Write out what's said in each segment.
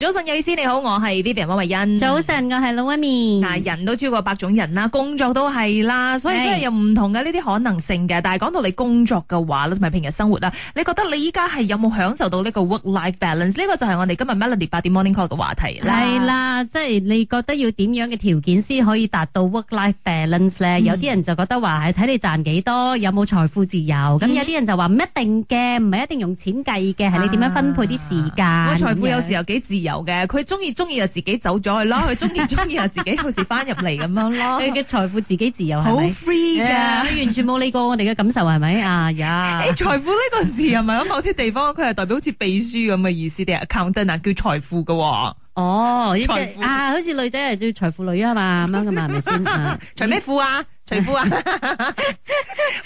早晨，雅思你好，我係 Vivian 溫慧欣。早晨，我係 Lumi。嗱，人都超過百種人啦，工作都係啦，所以真係有唔同嘅呢啲可能性嘅。但係講到你工作嘅話，同埋平日生活啦，你覺得你依家係有冇享受到呢個 work-life balance？呢個就係我哋今日 Melody 八點 Morning Call 嘅話題啦。係啦，即係你覺得要點樣嘅條件先可以達到 work-life balance 咧，嗯？有啲人就覺得話係睇你賺幾多，有冇財富自由？咁、嗯、有啲人就話唔一定嘅，唔係一定用錢計嘅，係你點樣分配啲時間。財、啊、富有時候幾自由。有嘅，佢中意中意就自己走咗去咯，佢中意中意又自己到時翻入嚟咁樣咯。佢嘅財富自己自由係好 free 噶，佢、yeah, 完全冇理過我哋嘅感受係咪？啊 呀，誒、yeah. 欸，財富呢個字係咪喺某啲地方佢係代表好似秘書咁嘅意思定 accountant 叫財富噶？哦，呢隻啊，好似女仔係叫財富女啊嘛，咁樣噶嘛，係咪先？財咩富啊？財富啊？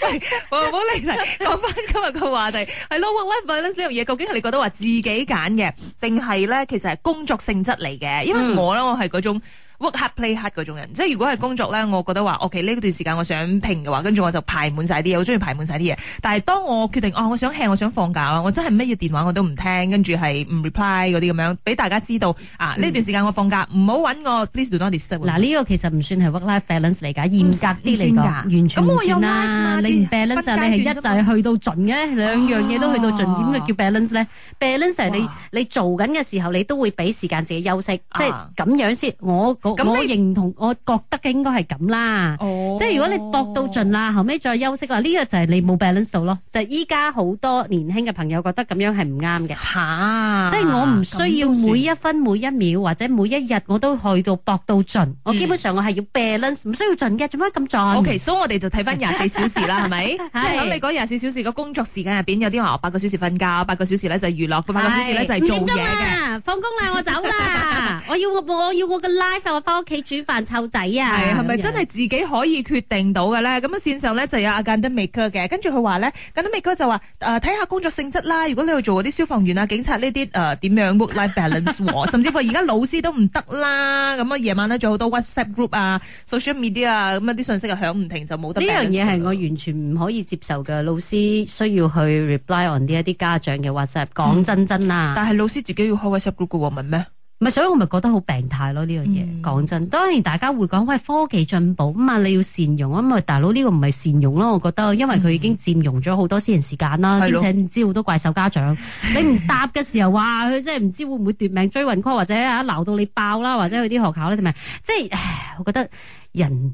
喂，好唔好離題，講翻今日個話題，係 Work Life Balance 呢樣嘢，究竟係你覺得話自己揀嘅，定係咧其實係工作性質嚟嘅？因為我咧、嗯，我係嗰種。work hard play hard 嗰種人，即係如果係工作咧，我覺得話，OK 呢段時間我想拼嘅話，跟住我就排滿晒啲嘢，好中意排滿晒啲嘢。但係當我決定哦，我想 hea，我想放假啦，我真係咩電話我都唔聽，跟住係唔 reply 嗰啲咁樣，俾大家知道啊，呢、嗯、段時間我放假，唔好揾我。Please do not disturb。嗱呢個其實唔算係 work-life balance 嚟㗎，嚴格啲嚟講，完全唔算啦咁我用啊,啊。你 balance 啊，你係一就係去到盡嘅，兩樣嘢都去到盡，點、啊、會叫 balance 咧？balance 係你你做緊嘅時候，你都會俾時間自己休息，啊、即係咁樣先。我我認同，我覺得應該係咁啦。即係如果你搏到盡啦，後尾再休息，呢、這個就係你冇 balance 到咯。就依家好多年輕嘅朋友覺得咁樣係唔啱嘅。吓、啊？即係我唔需要每一分每一秒或者每一日我都去到搏到盡、哦。我基本上我係要 balance，唔、嗯、需要盡嘅。做咩咁搏？OK，所以我哋就睇翻廿四小時啦，係 咪對吧？咁 你嗰廿四小時個工作時間入邊，有啲話八個小時瞓覺，八個小時咧就係娛樂，八個小時咧就係做嘢。五點鐘啦，放工啦，我走啦 。我要我要我嘅 life 我翻屋企煮飯湊仔啊，係咪真係自己可以決定到嘅咧？咁啊、就是、線上咧就有阿 Gandamaker 嘅，跟住佢話咧 Gandamaker 就話誒睇下工作性質啦，如果你去做嗰啲消防員啊、警察呢啲誒點樣 work-life balance，我 甚至乎而家老師都唔得啦。咁啊夜晚咧仲好多 WhatsApp group 啊、social media 啊，咁啊啲信息啊響唔停就冇得。呢樣嘢係我完全唔可以接受嘅，老師需要去 reply on 啲一啲家長嘅 WhatsApp、嗯。講真真啦但係老師自己要開 WhatsApp group 嘅，唔係咩？咪所以，我咪覺得好病態咯呢樣嘢。講、這個嗯、真，當然大家會講，喂科技進步咁啊，你要善用啊。咁啊，大佬呢個唔係善用咯。我覺得，因為佢已經佔用咗好多私人時間啦，兼且唔知好多怪獸家長，你唔答嘅時候， 哇！佢真係唔知會唔會奪命追魂 call，或者啊鬧到你爆啦，或者去啲學校咧，係咪？即、就、係、是，我覺得人。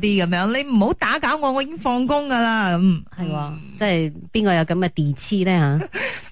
啲咁樣，你唔好打攪我，我已經放工噶啦。咁係、哦嗯，即係邊個有咁嘅地痴咧吓？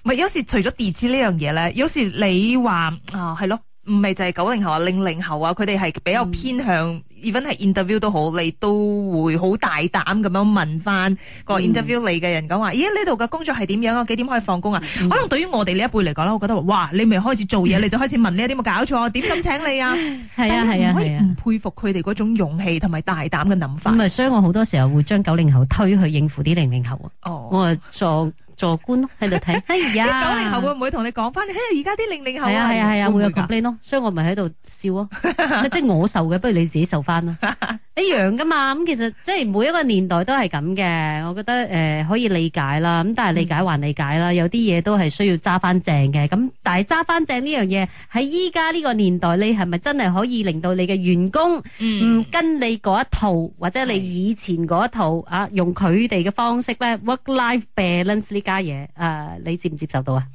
唔係 有時除咗地痴呢樣嘢咧，有時你話啊，係咯。唔係就係九零後啊，零零後啊，佢哋係比較偏向，even 係 interview 都好，你都會好大膽咁樣問翻個 interview 嚟嘅人講話，咦呢度嘅工作係點樣啊？我幾點可以放工啊？可能對於我哋呢一輩嚟講，我覺得哇，你未開始做嘢， 你就開始問呢一啲，冇搞錯，點敢請你啊？係啊係啊係啊，唔、啊、佩服佢哋嗰種勇氣同埋大膽嘅諗法。唔係，所以我好多時候會將九零後推去應付啲零零後啊。哦，我做。坐觀咯，喺度睇。哎呀，九零後會唔會同你講翻咧？而家啲零零後係啊係啊係啊，會,會,會有 complain 咯。所以我咪喺度笑咯， 即係我受嘅，不如你自己受翻啦， 一樣噶嘛。咁其實即係每一個年代都係咁嘅，我覺得、呃、可以理解啦。咁但係理解還理解啦，嗯、有啲嘢都係需要揸翻正嘅。咁但係揸翻正呢樣嘢喺依家呢個年代你係咪真係可以令到你嘅員工唔、嗯、跟你嗰一套，或者你以前嗰一套啊，用佢哋嘅方式咧，work life balance 家嘢誒，你接唔接受到啊？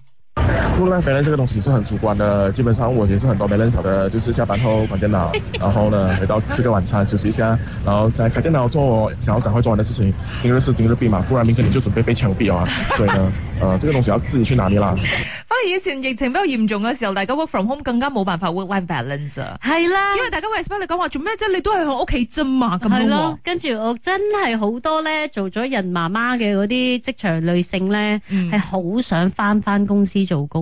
Work Life Balance 這個東西是很主觀的，基本上我也是很多沒人曉的，就是下班後關電腦， 然後呢，回到吃個晚餐，休息一下，然後再開電腦做我，我想要趕快做完的事情，今日事今日畢嘛，不然明天你就準備被槍斃啊！ 所以呢，呃，這個東西要自己去拿捏啦。 反而以前疫情比較嚴重嘅時候，大家 work from home 更加冇辦法 work life balance 啊。係啦，因為大家為什麼你講話做咩啫？你都係喺屋企啫嘛，咁樣。係咯，跟住我真係好多咧，做咗人媽媽嘅嗰啲職場女性咧，係、嗯、好想翻翻公司做工。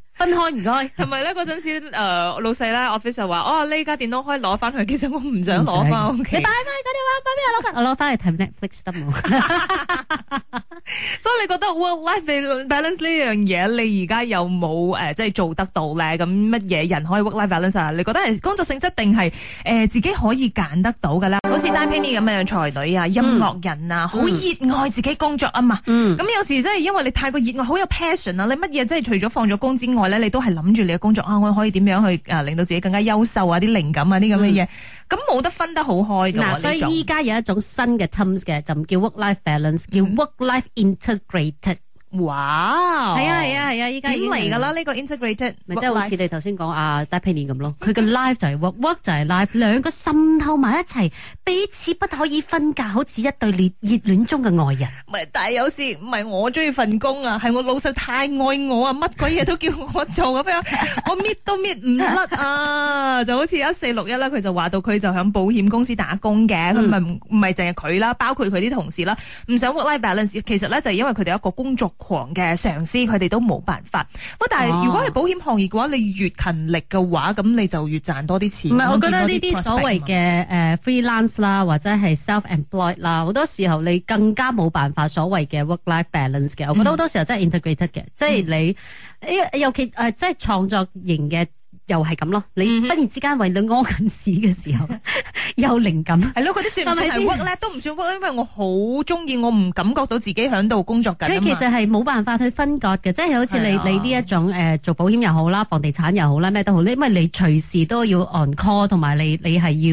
分開唔該，同埋咧嗰陣時誒老細咧 office 就話哦呢家電腦可以攞翻去，其實我唔想攞翻屋企。你帶翻個電話，帶 我攞翻？我攞翻嚟睇 Netflix 得冇。 所以你覺得 work-life balance 呢樣嘢，你而家有冇誒即係做得到咧？咁乜嘢人可以 work-life balance 啊？你覺得係工作性質定係誒自己可以揀得到噶啦？好似 Daphne 咁樣才女啊、嗯，音樂人啊，好、嗯、熱愛自己工作啊嘛。咁、嗯、有時真係因為你太過熱愛，好有 passion 啊！你乜嘢真係除咗放咗工之外，你都係諗住你嘅工作啊，我可以點樣去誒、啊，令到自己更加優秀啊？啲靈感啊，啲咁嘅嘢，咁、嗯、冇得分得好開嘅。嗱、啊，所以依家有一種新嘅 terms 嘅，就唔叫 work life balance，叫 work life integrated。嗯哇！係啊係啊係啊，依家點嚟噶啦？呢、啊這個 integrated 咪即係好似你頭先講啊，帶皮咁咯。佢嘅 life 就係 work，work 就係 life，兩個滲透埋一齊，彼此不可以分隔，好似一對熱熱戀中嘅愛人。係，但係有時唔係我中意份工啊，係我老細太愛我啊，乜鬼嘢都叫我做咁樣， 我搣都搣唔甩啊！就好似一四六一啦，佢就話到佢就響保險公司打工嘅，佢唔唔係淨係佢啦，包括佢啲同事啦，唔想 work life balance，其實咧就係因為佢哋有一個工作。狂嘅上司，佢哋都冇辦法。不過，但係如果係保險行業嘅話，你越勤力嘅話，咁你就越賺多啲錢。唔係，我覺得呢啲所謂嘅誒 freelance 啦，或者係 self-employed 啦，好多時候你更加冇辦法所謂嘅 work-life balance 嘅。我覺得好多時候真係 integrated 嘅，嗯，即係你，尤其誒、呃、即係創作型嘅。又係咁咯，你忽然之間為你屙緊屎嘅時候、嗯、 有靈感，係咯，嗰啲算係屈咧， 都唔算屈，因為我好中意，我唔感覺到自己喺度工作緊。佢其實係冇辦法去分割嘅，即係好似你、哎、你呢一種誒、呃、做保險又好啦，房地產又好啦，咩都好，你因為你隨時都要 on call，同埋你你係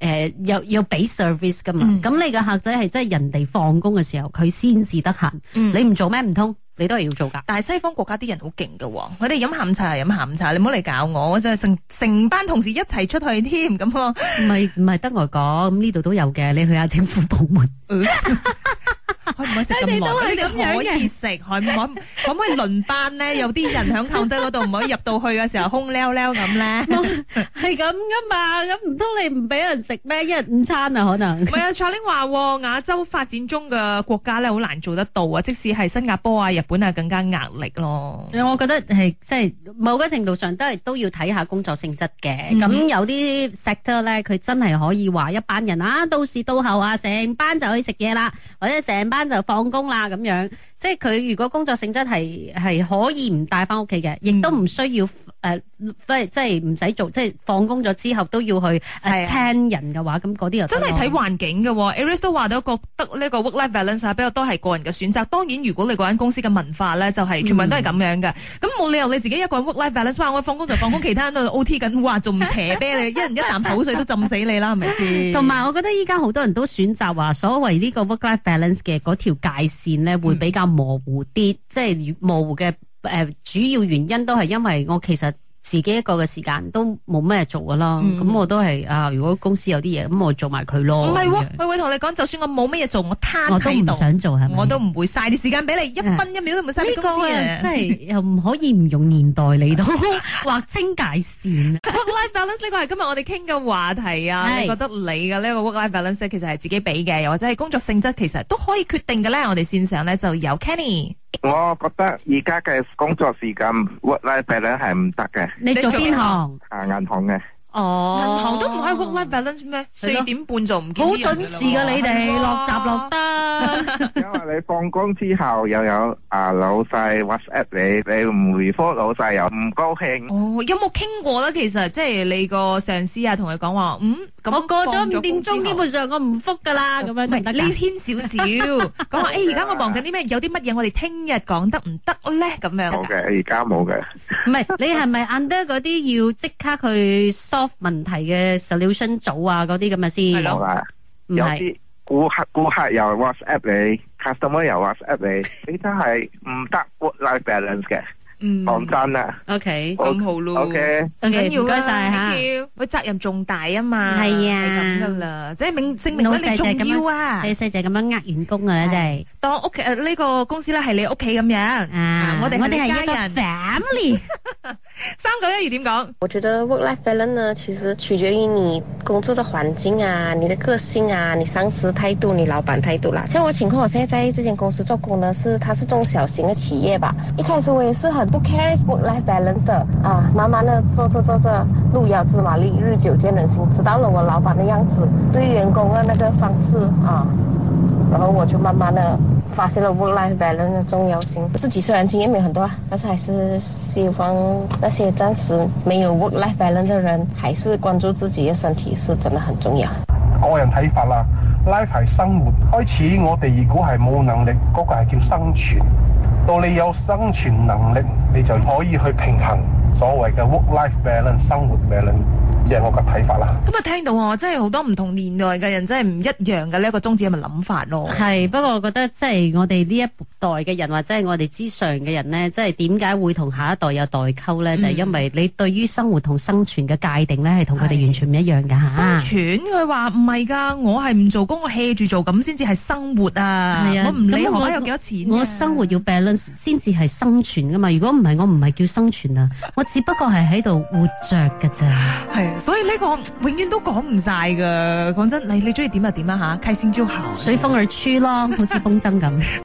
要誒又、呃、要俾 service 噶嘛，咁、嗯、你嘅客仔係即係人哋放工嘅時候，佢先至得閒，你唔做咩唔通？你都係要做噶，但係西方國家啲人好勁噶，佢哋飲下午茶飲下午茶，你唔好嚟搞我，我真係成成班同事一齊出去添，咁啊，唔係唔係得我講，咁呢度都有嘅，你去下政府部門。 可唔可以食咁耐？佢哋可以食，可唔可？可唔可以輪班咧？有啲人喺後底嗰度，唔可以入到去嘅時候，空撩撩咁咧？係咁噶嘛？咁唔通你唔俾人食咩？一日午餐啊？可能唔係啊。彩玲話亞洲發展中嘅國家咧，好難做得到啊。即使係新加坡啊、日本啊，更加壓力咯。我覺得係即係某個程度上都係都要睇下工作性質嘅。咁有啲 sector 咧，佢真係可以話一班人啊，到時到候啊，成班就可以食嘢啦，或者成。上班就放工啦，咁樣，即係佢如果工作性質係係可以唔帶翻屋企嘅，亦都唔需要。誒、呃，即係即係唔使做，即係放工咗之後都要去聽人嘅話，咁嗰啲又真係睇環境嘅、啊。Aris 都話到覺得呢個 work-life balance 係比較多係個人嘅選擇。當然，如果你嗰間公司嘅文化咧，就係、是、全部都係咁樣嘅，咁、嗯、冇理由你自己一個人 work-life balance 翻，我放工就放工， 其他人都 OT 緊，嘩，仲唔邪啤 你，一人一啖口，口水都浸死你啦，係咪先？同埋，我覺得依家好多人都選擇話，所謂呢個 work-life balance 嘅嗰條界線咧，會比較模糊啲，嗯、即係模糊嘅。誒、呃，主要原因都係因為我其實自己一個嘅時間都冇咩做噶啦，咁、嗯、我都係啊。如果公司有啲嘢，咁我做埋佢咯。唔係佢會同你講，就算我冇咩嘢做，我攤喺度我都唔想做，係咪？我都唔會嘥啲時間俾你，一分一秒都唔會嘥俾公司嘅、啊，這個。真係又唔可以唔用年代嚟到劃 清界線。 Work-life balance 呢個係今日我哋傾嘅話題啊。你覺得你嘅呢個 work-life balance 其實係自己俾嘅，又或者係工作性質其實都可以決定嘅咧？我哋線上咧就有 Kenny。我覺得而家嘅工作時間 work life balance 係唔得嘅你做邊行啊銀行嘅哦銀行都唔開 work life balance 咩四點半就唔見好準時㗎你哋落閘落得因為你放工之後又有,有、啊、老細 whatsapp 你你唔回覆老細又唔高興哦有冇傾過呢？其實即係你個上司啊同佢講話嗯我過咗五點鐘，基本上我唔覆噶啦，咁樣。唔係，你要牽少少。講話，誒，而家我忙緊啲咩？有啲乜嘢我哋聽日講得唔得咧？咁樣。冇嘅，而家冇嘅。唔係，你係咪 under 嗰啲要即刻去 solve 問題嘅 solution 組啊？嗰啲咁啊先。係我話，有啲顧客顧客又 WhatsApp 你，customer 又 WhatsApp 你，你真係唔得 Work Life balance 嘅。網站啊，OK，五號路，OK，OK，唔該晒吓，thank you，責任重大啊嘛，係啊，係咁噶啦，即係明證明啲細仔咁樣，你細仔咁樣呃員工噶啦，即係當屋企誒呢個公司咧係你屋企咁樣，啊，我哋我哋係一個 family。三個月你點講？我覺得 work life balance 呢，其實取決於你工作的環境啊、你的個性啊、你上司態度、你老闆態度啦。像我情況，我現在在這間公司做工呢，是，它是中小型的企業吧。 一開始我也是很不 care work life balance 的啊，慢慢的做着做着，路遙知馬力，日久見人心，知道了我老闆的樣子，對員工的那個方式啊，然後我就慢慢的。發現了 work-life balance 的重要性。自己雖然經驗沒有很多，但是還是希望那些暫時沒有 work-life balance 的人，還是關注自己嘅身體，是真的很重要。個人睇法啦，life 係生活。開始我哋如果係冇能力，嗰個係叫生存。到你有生存能力，你就可以去平衡所謂嘅 work-life balance，生活 balance。即係我嘅睇法啦。咁啊，聽到我真係好多唔同年代嘅人，真係唔一樣嘅。呢、這、一個宗旨係咪諗法咯？係，不過我覺得即係我哋呢一代嘅人，或者係我哋之上嘅人咧，即係點解會同下一代有代溝咧、嗯？就係、是、因為你對於生活同生存嘅界定咧，係同佢哋完全唔一樣噶吓、啊。生存佢話唔係噶，我係唔做工，我 hea 住做咁先至係生活啊。啊我唔理我有幾多錢、啊。我生活要 balance 先至係生存噶嘛。如果唔係，我唔係叫生存啊，我只不過係喺度活着噶咋。 所以呢、這個永遠都講唔晒噶，講真，你你中意點就點啦吓，隨心就好，隨風而吹咯，好似風箏咁。